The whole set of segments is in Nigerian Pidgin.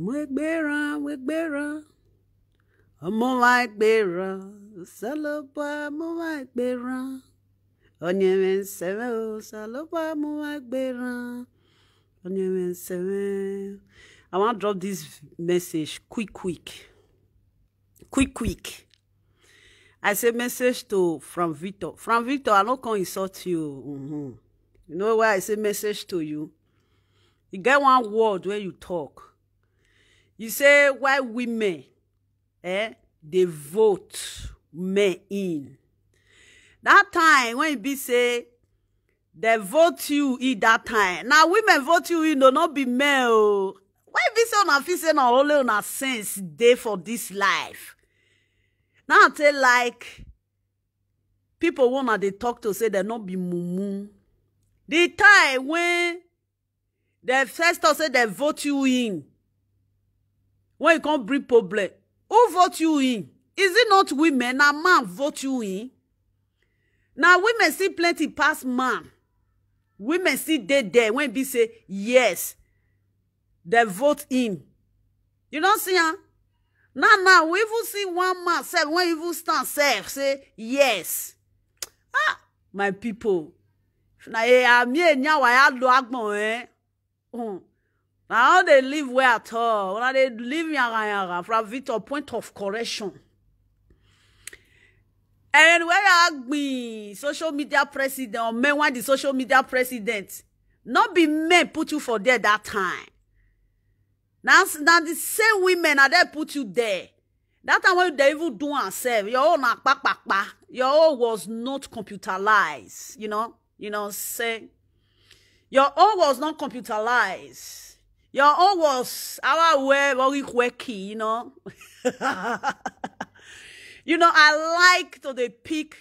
We gbéra, we gbéra, ọmọ wa gbéra, sálọ́pà ọmọ wa gbéra, ọ̀nyẹ̀mẹ̀ nsẹ̀mẹ̀ o, sálọ́pà ọmọ wa gbéra, ọ̀nyẹ̀mẹ̀ nsẹ̀mẹ̀. drop this message quick quick, quick quick. I say message to from Victor. From Victor, I no come insult you. Mm-hmm. You know why I say message to you? You get one word when you talk you say why women eh, They vote men in That time when e be say they vote you in that time Now women vote you in o not be male. why e be say una feel say na only a sense day for this life now i like people wey they talk to say they not be mumu The time when they first tok say they vote you in when you come bring problem who vote you in is it not women na man vote you in na women see plenty past man women see dey there when be say yes they vote in you don see am huh? now now we even see one man say when even stand sef say yes ah my pipo na eya mi enya wa ya lo agbon eh. Mm na how dey live well at all una dey live yanga yanga from victor point of correction And ẹ̀rẹ̀ni wẹ́rẹ́ àgbìn social media president or men wan the social media president no be men put you for there that time na na the same women na dey put you there that time when they even do herself your own na kpakpakpa your own was not computerized you know you know say your own was not computerized Your own was our way very quirky, you know. you know, I like to the pick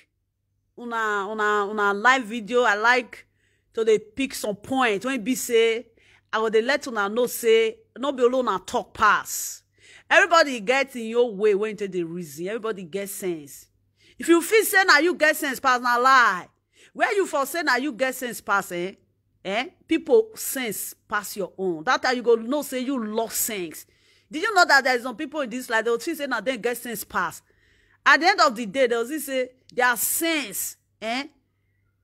on a on a on a live video. I like to the pick some point when be say I would let on a no say no be alone and talk pass. Everybody gets in your way when you take the reason. Everybody gets sense. If you feel say now you get sense pass, now lie. Where you for say now you get sense pass, eh? eh, people sense pass your own. That time you go know say you lost sense. Did you know that there is some people in this life they will think say now they get sense pass. At the end of the day, they will say their sense, eh?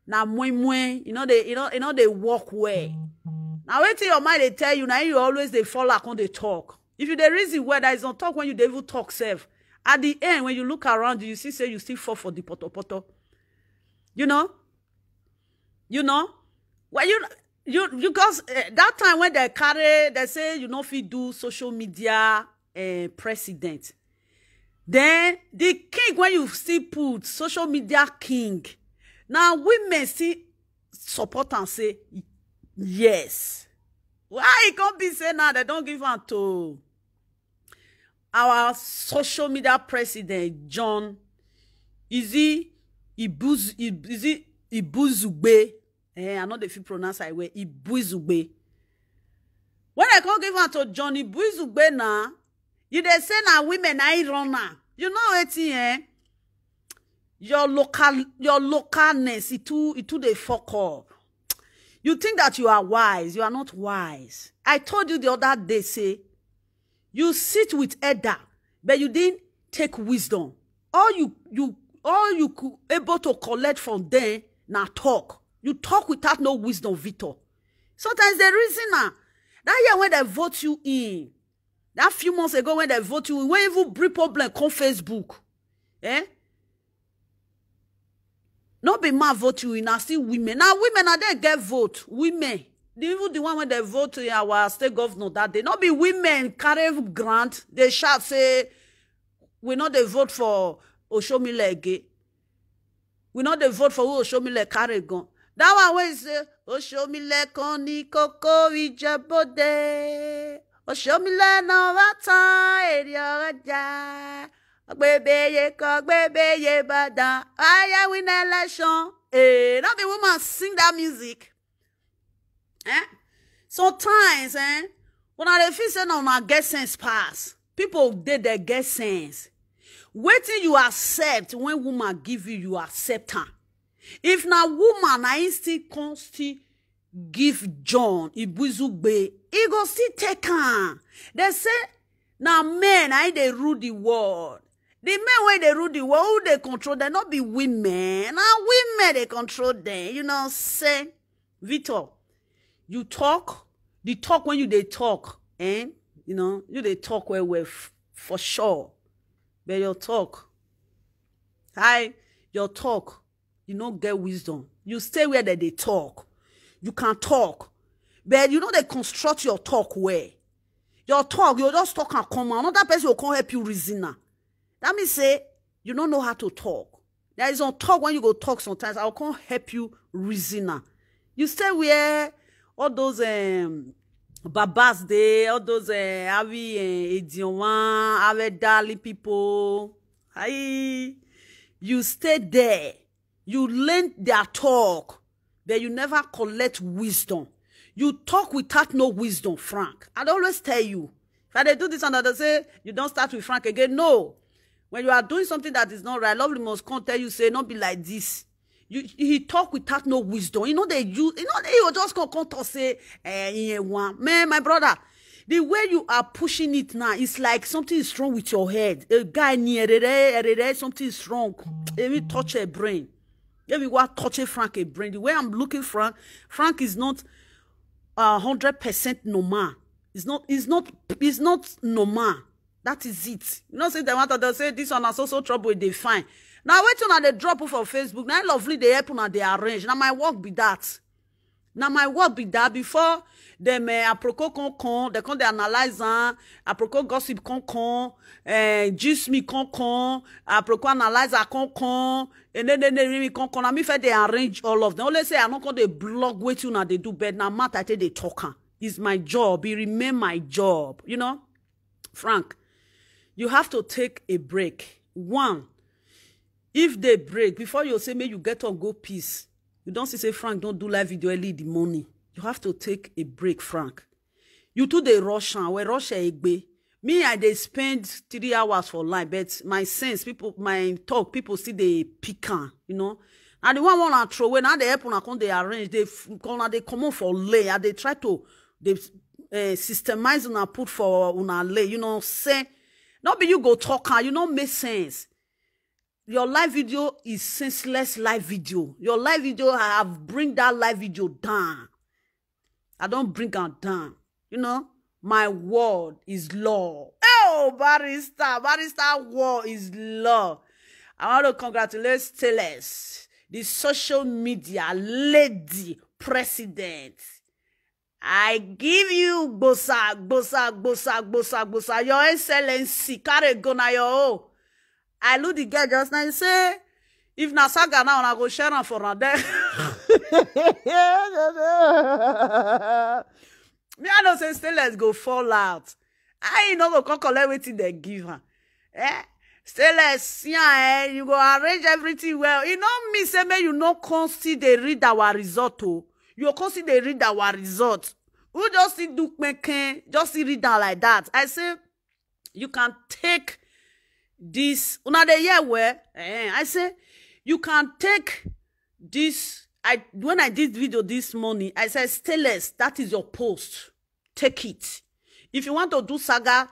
Now mwin mwin, you know they you know you know they walk well. Now wait till your mind they tell you now you always they fall like on they talk. If you the reason why there is no talk when you devil talk self. At the end, when you look around you, you see say you still fall for the poto poto. You know? You know? well you you you because uh, that time when they carry they say you know if you do social media uh, president then the king when you see put social media king now women see support and say yes why e can't be say now they don't give am to our social media president john Is he Ibuz? izi Ibuzube? Eh, I know they fit pronounce I way Ibuizugbe. When I come give am to John Ibuizugbe now, you dey say na women I run now. You know it, eh? Your local your localness it e too it e too dey fuck up. You think that you are wise, you are not wise. I told you the other day, say, you sit with Edda, but you didn't take wisdom. All you you all you could able to collect from them na talk. You talk without no wisdom, Victor. Sometimes the reason, reasoner. That year when they vote you in, that few months ago when they vote you in, when even bring problem come Facebook, eh? Not be man vote you in, I see women. Now women are there get vote. Women. Even the one when they vote in our state governor that day, not be women carry grant. They shout say, we not they vote for Oshomile again. We not they vote for who Oshomile carry gun. That one wey say, Oṣomilẹ́kan ní kókó ìjẹ́bọ́dé. Oṣomilẹ́nà wá tán èrè ọ̀rọ̀ jà. Gbèbèyè kan gbèbèyè Ìbàdàn. Ayé win election. eh. no the woman sing that music. Eh? Sometimes, eh? When I feel say no, na get sense pass. People dey dey get sense. Wetin you accept when woman give you, you accept am if na woman na him still come still give john ibuzugbe e go still take am dey say na men na him dey rule the world the men wey dey rule the world who dey control dem no be women na women dey control them. you know say victor you talk the talk when you dey talk eh you know you dey talk well well for sure but your talk hi your talk you don't get wisdom you stay where they, they talk you can talk but you know they construct your talk well your talk you just talk and come another person will come help you reason that means say you don't know how to talk there is on talk when you go talk sometimes i will come help you reason you stay where all those um, babas there, all those uh, avi uh, edionwan people Hi, you stay there you learn their talk, but you never collect wisdom. You talk without no wisdom, Frank. I'd always tell you. If I do this and they say, you don't start with Frank again. No. When you are doing something that is not right, lovely must come tell you, say, not be like this. You, he talk without no wisdom. You know, they use, you know, they will just come, come to say, eh, one. Man, my brother, the way you are pushing it now, it's like something is wrong with your head. A guy near something is wrong. It will touch your brain. we everywhere touching Frank and brain. The way I'm looking Frank, Frank is not a uh, hundred percent normal. It's not. It's not. It's not normal. That is it. You know, say they matter. to they say this one has also trouble. They fine. Now wait till they drop off of Facebook. Now lovely they happen and they arrange. Now my work be that na my word be that before dem eh, aproko con con dem con dey analyse am aproko gossip con con eh, gist me con con aproko analyzer con con enenenere con con na me first dey arrange all of them. only say i no con dey blog wetin una dey do but na matter i take dey talk am is my job e remain my job you know frank you have to take a break one if dey break before you say make you get up go peace You don't see, say, Frank, don't do live video early in the morning. You have to take a break, Frank. You too, they rush and where rush egbe. Me, I they spend three hours for life, but my sense, people, my talk, people see they pecan, you know. And the one want to throw when now they help on account, they arrange, they come they come on for lay, and they try to, they uh, eh, systemize and put for on lay, you know, say, not be you go talk, you know, make sense your live video is senseless live video your live video i have bring that live video down i don't bring am down you know my word is law oh barrister barrister word is law i want to congratulate Stylist the social media lady president I give you gbosa, gbosa, gbosa, gbosa, gbosa. Your excellency, carry go na your own i look the girl just now You say if na saga now i go share on for na there me i know say let's go fall out i no go come collect wetin dem give am eh let's yeah, eh you go arrange everything well You e know me say make you no come still dey read our result Oh, you go come still dey read our result who just still do kpenken just still read am like that i say you can take this una dey hear well eh, eh i say you can take this i when i did video this morning i said stainless that is your post take it if you want to do saga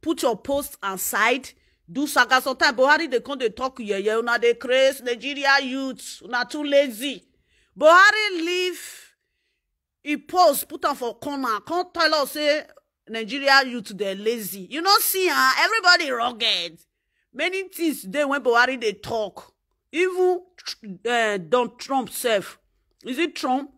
put your post aside do saga sometimes buhari dey come dey talk yeye una dey craze nigeria youths una too lazy buhari leave e post put am for corner come tell us say nigeria youth dey lazy you no see am huh? everybody rugged many things dey when buhari dey talk even uh, eh, don trump sef is it trump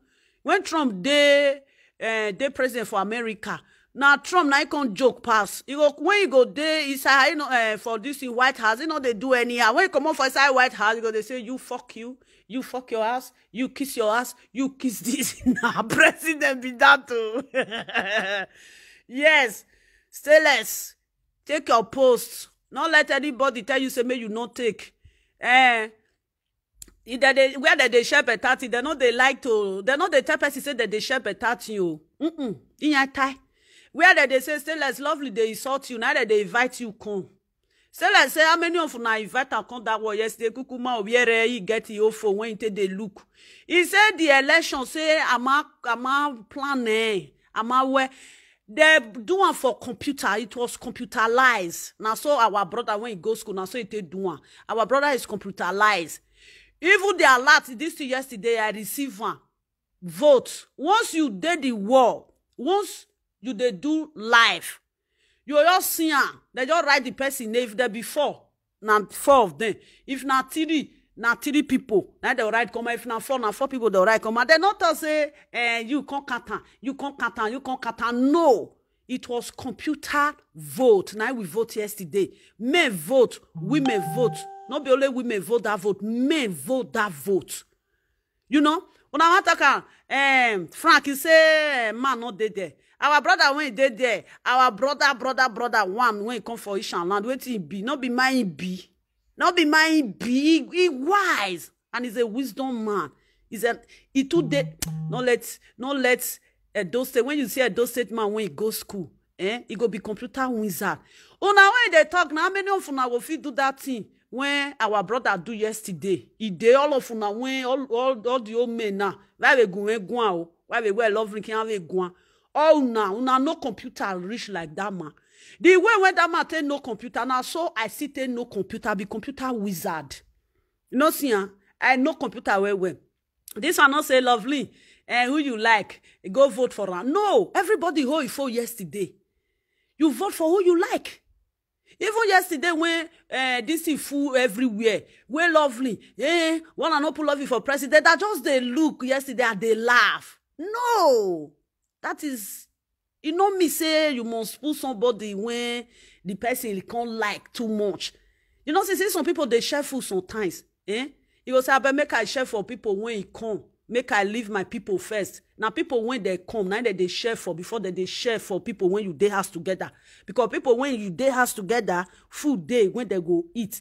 when trump dey uh, president for america na trump na him come joke pass he go when he go dey inside you know, uh, for this in white house he no dey do anyhow when he comot for inside white house he go dey say you fuck you you fuck your ass you kiss your ass you kiss this na president be that o yes stay less take your post not let anybody tell you say "May you not take eh they, where dem they share better thing They no they like to dem no dey tell person say dem dey share better thing o mm mm where dem dey say say let's lovely they insult you Now that they invite you come say let's say how many of una invite am come that way? yesterday kukuma obiere e get e own phone wen e they look He said the election say ama ama plan eh ama where dem do am for computer it was computerized Now, so our brother when he goes school now, so he take do am our brother is computerized even the alert this thing yesterday i receive one vote once you did the war. once you dey do live you just see They just write the person name if dem be four na four of dem if not three na three pipo na dem write come if na four na four pipo dem write come dem no talk say eh, you con count you con count you con count no it was computer vote na we vote yesterday men vote women vote no be only women vote that vote men vote that vote you know una wan talk am eh, um, frank say eh, man no dey there our brother wey dey there our brother brother brother one wey come for ishan land wetin e be no be mine e be. Not be my big, he wise and he's a wisdom man. He's a he too dead. No let no let Edo State. When you see a Edo State man when he go school, eh? He go be computer wizard. Oh now when they talk, now many of una go fit do that thing when our brother do yesterday? He dey all of una when all all all the old men now. Why we go when go out? Why we wear lovely can we go? Oh now una no computer rich like that man the way when dat man take know computer now, so i still take no computer be computer wizard you know see am ah, i no computer well well This one no say lovely eh who you like go vote for am no everybody hold e phone yesterday you vote for who you like even yesterday when uh, eh, dis thing full everywhere we're lovely Yeah, one and no pull lovely for president That just they look yesterday and dey laugh no that is You know me say you must put somebody when the person can't like too much you know say say some people they share food sometimes eh You go say I better make i share for people when e come make i leave my people first Now people when they come now that they share for before dem they share for people when you they house together because people when you they house together food dey when they go eat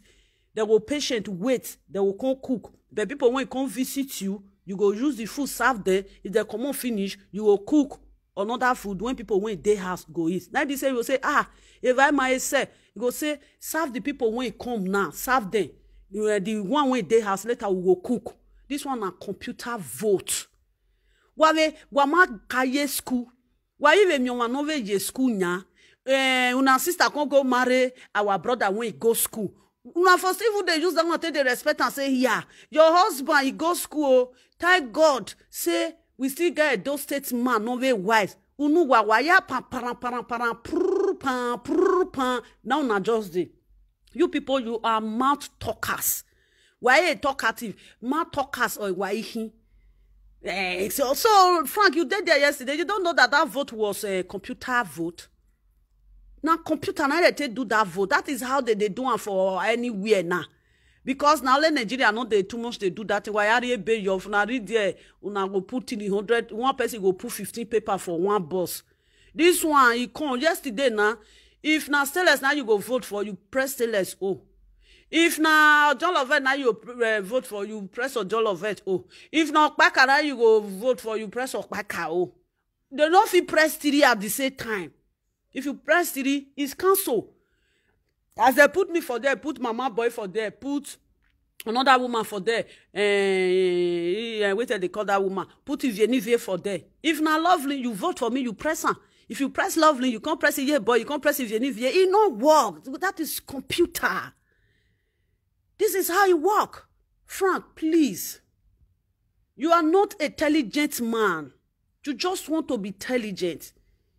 they will patient wait they will come cook but people when e come visit you you go use the food serve there. if they come on finish you will cook another food when people when they house go eat. Now they say you say, ah, if I might say, you go say, serve the people when come now, serve them. You know, the one when they house later we go cook. This one a computer vote. Wale, wama kaye school. Wa even mi wana nove ye school nya. Eh, una sister can go marry our brother when he go school. Una first even they use that one take the respect and say, yeah, your husband he go school. Oh. Thank God. Say we still get Edo State man no wey wise unu wawaya pan paran paran paran prrr pan prrr now na just dey you people you are mouth talkers waye talkative mouth talkers or waihin eh so so Frank you dey there yesterday you don't know that that vote was a computer vote Now computer na dey take do that vote that is how they dey do it for anywhere now because now only nigeria no they too much they do that. Why are you pay your Now read there una go put three hundred one person go put fifteen paper for one boss. This one he come yesterday now. if now stainless now you go vote for you press stainless o. Oh. if John Lovett now you uh, vote for you press John Lovett o oh. if now okpaka na you go vote for you press okpaka o oh. they no fit press three at the same time if you press three it's cancel as they put me for there put mama boy for there put another woman for there eh uh, eh, eh, till they call that woman put ivienivie for there if na lovely you vote for me you press am if you press lovely you come press iye boy you come press ivienivie e no work that is computer this is how e work frank please you are not intelligent man you just want to be intelligent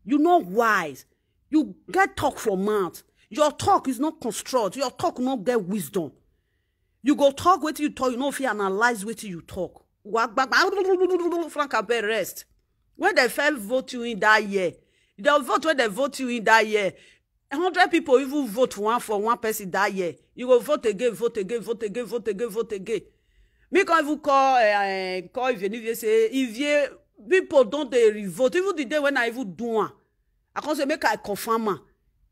you no wise you get talk for mouth your talk is not construct your talk no get wisdom you go talk with you talk you no fit analyze with you talk wa gbagba frank abeg rest when they fell vote you in dat year the vote when they vote you in dat year A hundred people even vote one for one person dat year you go vote again vote again vote again vote again vote again me come even call uh, call Ivie Nivie say Ivie people don dey revote even the day when I even do am I come say make I confirm am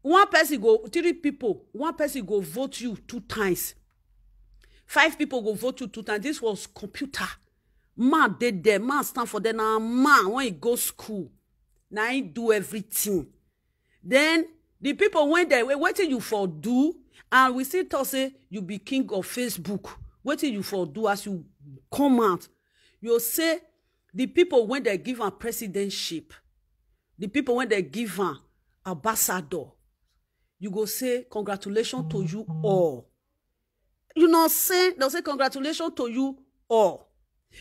one person go three people one person go vote you two times five people go vote you two times this was computer man dey there man stand for there na man when he go school na he do everything then the people wey dey wetin you for do and we still talk say you be king of facebook wetin you for do as you come out you say the people wey dey give am presidency the people wey dey give am ambassador you go say congratulations to you mm-hmm. all you know say they'll say congratulations to you all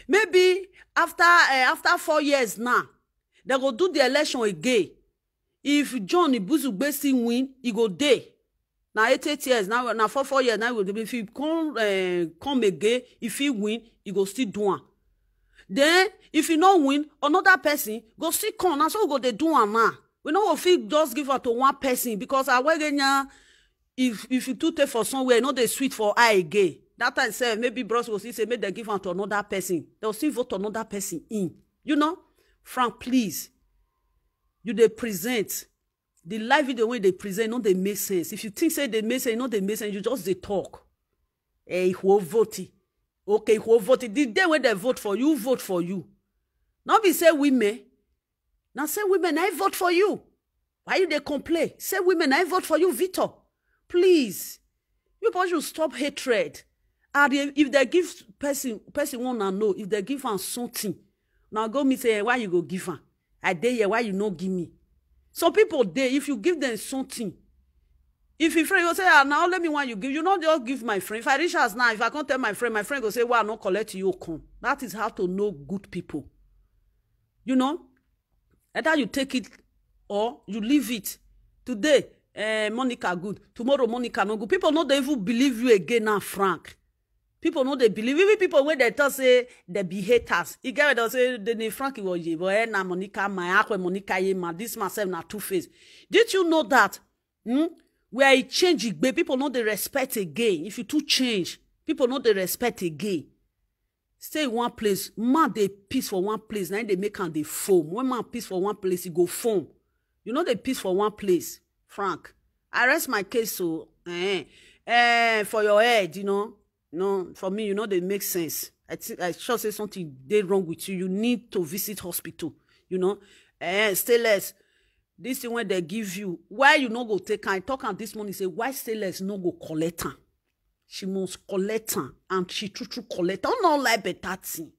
maybe after uh, after four years now they go do the election again if john ibuzugbesi win he go day. Now eight eight years now now four four years now. if he come uh, come again if he win he go still do one. then if he no win another person go still come Now so go they do one now we no go fit just give am to one person because awerenya if if you too take for somewhere e no dey sweet for eye again that time sef maybe bros go see say make dem give am to another person dem go still vote another person in you know frank please you dey present the live video wey you dey present no dey make sense if you think say e dey make sense e no dey make sense you just dey talk eh ihuo vote okay ihuo vote the day wey dem vote for you vote for you no be say women Now say women, I vote for you. Why you they complain? Say women, I vote for you, Victor. Please, you boys should stop hatred. And if they give person, person want to know if they give her something. Now go me say, why you go give her? I dare you, why you no give me? Some people they if you give them something, if your friend will say ah na only me want you give you no just give my friend if i reach us now if i can't tell my friend my friend will say well i no collect you come that is how to know good people you know either you take it or you leave it today eh, monica good tomorrow monica no good People no dey even believe you again now frank People no dey believe even People wey dey talk say dem be haters e get wey dem say dem dey frank iwoye but eh na monica my akwe monica yema dis man sef na two face did you know that hmm? where e change igbe e people no dey respect again if you too change people no dey respect again stay one place man dey peace for one place na him dey make am dey foam when man peace for one place e go foam you no dey peace for one place frank i rest my case o oh. so, eh, eh, for your head you know no for me you no know, dey make sense i think i sure say something dey wrong with you you need to visit hospital you know eh, stay less this thing wey dem give you why you no go take am i talk am this morning say why stay less no go collect am she must collect am and she true true collect am no like better thing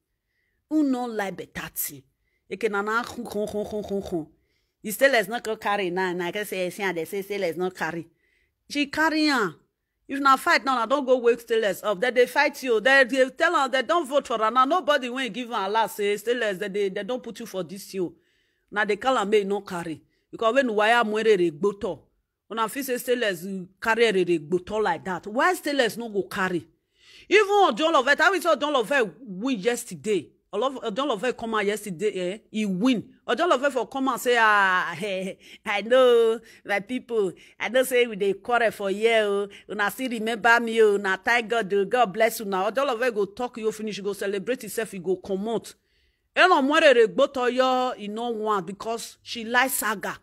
who no like better thing eke na na hun hun hun hun hun hun say let's not go carry now na get say say they say let's not carry she carry am if na fight now na don't go wake sailors up dem they fight you They they tell am they don't vote for her na nobody wey give am last say sailors dem they they don't put you for dis year na they call her may e no carry because when waya muere re gbótọ una fit say stainless carry erere gbotọ like that. why stainless no go carry even odun olofe i mean say odun olofe win yesterday odun uh, olofe come out yesterday eh e win uh, odun olofe for come out say ah eh, i know my people i know say we dey quarrel for here o oh. una still remember me o oh. na thank god o oh. god bless una uh, odun olofe go talk you finish go celebrate himself He go comot enomwerere gbotọ yọ e no want because she like saga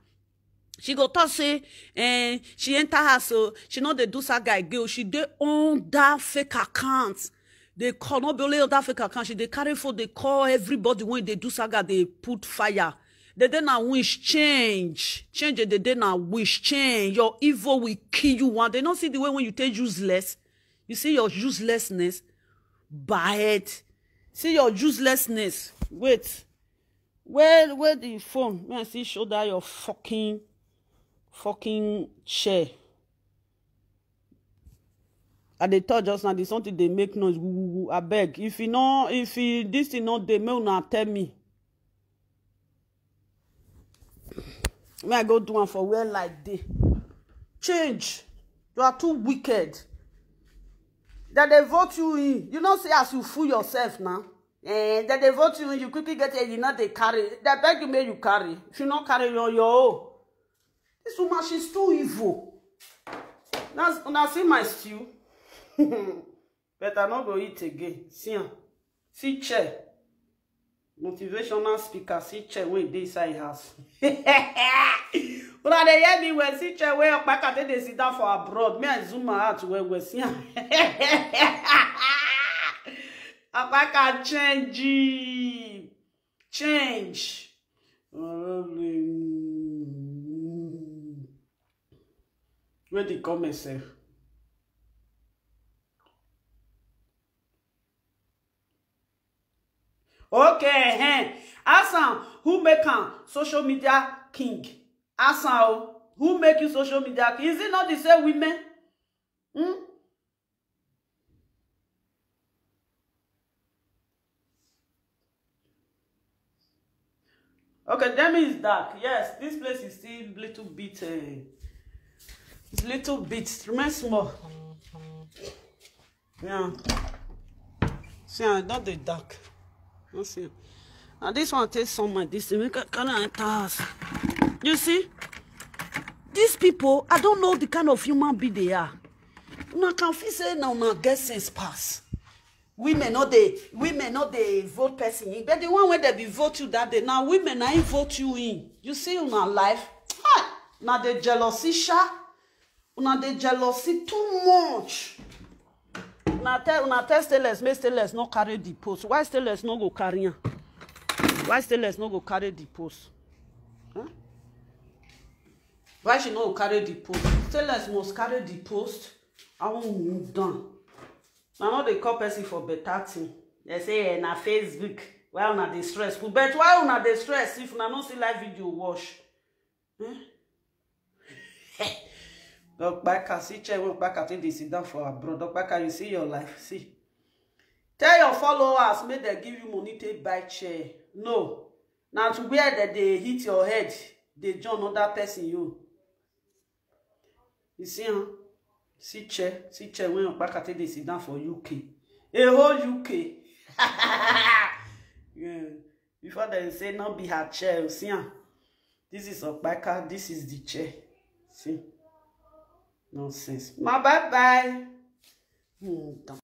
she go talk say eh, she enter house o she no dey do side guy girl. she dey own that fake account dey call no be only that fake account she dey carry phone dey call everybody wey dey do guy. dey put fire the dey na wish change change the dey na wish change your evil will kill you one day no see the way when you take useless you see your uselessness bad see your uselessness wait where where the phone may i see show that your fucking fucking chair i dey talk just now the something they make noise I beg if you e know if e this is not dey make una tell me may i go do one for where like dey change you are too wicked That they vote you in you know say as you fool yourself now. eh That they vote you in you quickly get here you no dey carry They beg you may you carry if you not carry your your own This woman, she's too evil. That's, una see my stew. But I not go eat again. See her. See chair. Motivational speaker. See chair Wait, this side house. But dey hear me when see chair where Okpaka take dey sit down for abroad. Me I zoom out where we see her. Okpaka change. Change. Oh, Where wey dey comment sef okay hen eh, asan who make a social media king asan oh, who make you social media king is it not the same women hmm? okay that means dark yes this place is still a little bit uh, It's little bit, remain small. Yeah. See, I not the dark. You see. Now this one takes some of this. Make a kind of enters. You see? These people, I don't know the kind of human being they are. Now, can feel say now Now, get sense pass. Women not they women not the vote person in. But the one where they be vote you that day. Now women I vote you in. You see now life. Now the jealousy shah una dey jealousy too much una tell una tell stainless make stainless no carry the post why stainless no go carry am why stainless no go carry the post huh? why she no go carry the post stainless must carry the post i wan move down na no dey call person for better thing dey say eh, na facebook why una dey stress but why una dey stress if una no see live video watch eh? Dog Baka, see chair when Baka take this down for abroad. Dog Baka, you see your life. See. Tell your followers, may they give you money to buy chair. No. Now to where that they hit your head, they join another person you. You see, huh? See chair, see chair when Baka take this down for UK. A whole UK. yeah. Before they say, not be her chair, you see, huh? This is a Opaka, this is the chair. See. Nonsense. Mas bye bye. Então.